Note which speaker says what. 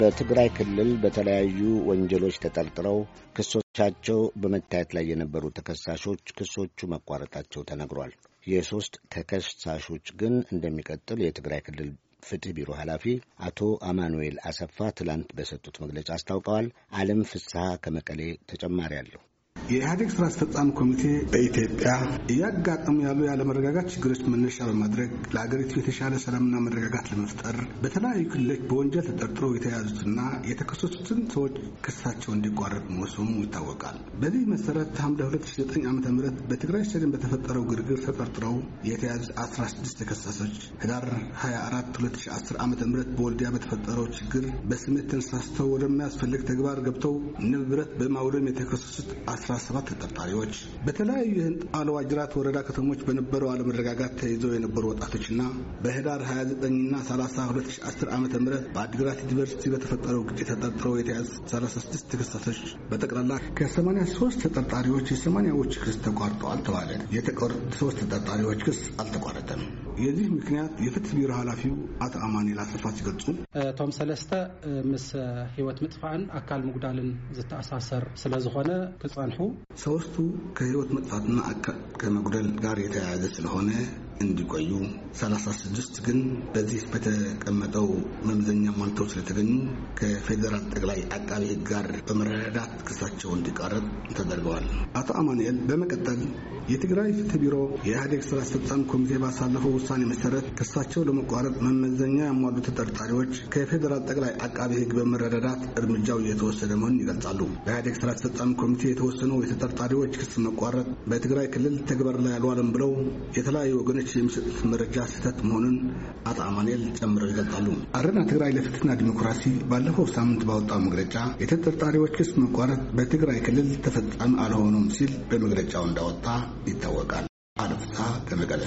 Speaker 1: በትግራይ ክልል በተለያዩ ወንጀሎች ተጠርጥረው ክሶቻቸው በመታየት ላይ የነበሩ ተከሳሾች ክሶቹ መቋረጣቸው ተነግሯል። የሶስት ተከሳሾች ግን እንደሚቀጥል የትግራይ ክልል ፍትህ ቢሮ ኃላፊ አቶ አማኑኤል አሰፋ ትላንት በሰጡት መግለጫ አስታውቀዋል። አለም ፍስሐ ከመቀሌ ተጨማሪ አለሁ
Speaker 2: የኢህአዴግ ስራ አስፈጻሚ ኮሚቴ በኢትዮጵያ እያጋጠሙ ያሉ ያለመረጋጋት ችግሮች መነሻ በማድረግ ለሀገሪቱ የተሻለ ሰላምና መረጋጋት ለመፍጠር በተለያዩ ክልሎች በወንጀል ተጠርጥረው የተያዙትና የተከሰሱትን ሰዎች ክሳቸው እንዲቋረጥ መወሰኑ ይታወቃል። በዚህ መሰረት ሐምሌ 2009 ዓ ም በትግራይ ስቴዲየም በተፈጠረው ግርግር ተጠርጥረው የተያዙት 16 ተከሳሶች ህዳር 24 2010 ዓ ም በወልዲያ በተፈጠረው ችግር በስሜት ተነሳስተው ወደሚያስፈልግ ተግባር ገብተው ንብረት በማውደም የተከሰሱት 17 ተጠርጣሪዎች በተለያዩ የህንጣሎ ዋጅራት ወረዳ ከተሞች በነበረው አለመረጋጋት ተይዘው የነበሩ ወጣቶችና በህዳር 29ና 30 2010 ዓ ም በአዲግራት ዩኒቨርሲቲ በተፈጠረው ግጭት ተጠርጥረው የተያዙ 36 ተከሳሾች በጠቅላላ ከ83 ተጠርጣሪዎች የ80ዎች ክስ ተቋርጠዋል ተባለ። የተቀሩት ሶስት ተጠርጣሪዎች ክስ አልተቋረጠም። የዚህ ምክንያት የፍትህ ቢሮ ኃላፊው አቶ አማኔል አሰፋ ሲገልጹ እቶም ሰለስተ ምስ ህይወት ምጥፋእን አካል ምጉዳልን ዝተኣሳሰር ስለዝኾነ ዝኾነ ክጸንሑ ሰወስቱ ከህይወት መጥፋትና ከመጉደል ጋር የተያያዘ ስለሆነ እንዲቆዩ 36 ግን በዚህ በተቀመጠው መምዘኛ ሟልተው ስለተገኙ ከፌዴራል ጠቅላይ አቃቢ ሕግ ጋር በመረዳዳት ክሳቸው እንዲቃረብ ተደርገዋል። አቶ አማንኤል በመቀጠል የትግራይ ፍትህ ቢሮ የኢህአዴግ ስራ አስፈጻሚ ኮሚቴ ባሳለፈው ውሳኔ መሰረት ክሳቸው ለመቋረጥ መመዘኛ ያሟሉ ተጠርጣሪዎች ከፌዴራል ጠቅላይ አቃቢ ሕግ በመረዳዳት እርምጃው እየተወሰደ መሆኑን ይገልጻሉ። በኢህአዴግ ስራ አስፈጻሚ ኮሚቴ የተወሰነው የተጠርጣሪዎች ክስ መቋረጥ በትግራይ ክልል ተግባር ላይ አልዋለም ብለው የተለያዩ ወገኖች ምንጮች የሚሰጡት መረጃ ስህተት መሆኑን አቶ አማንኤል ጨምረው ይገልጻሉ። አረና ትግራይ ለፍትህና ዲሞክራሲ ባለፈው ሳምንት ባወጣው መግለጫ የተጠርጣሪዎች ክስ መቋረጥ በትግራይ ክልል ተፈጻሚ አልሆኑም ሲል በመግለጫው እንዳወጣ ይታወቃል። አለፍታ ከመቀለ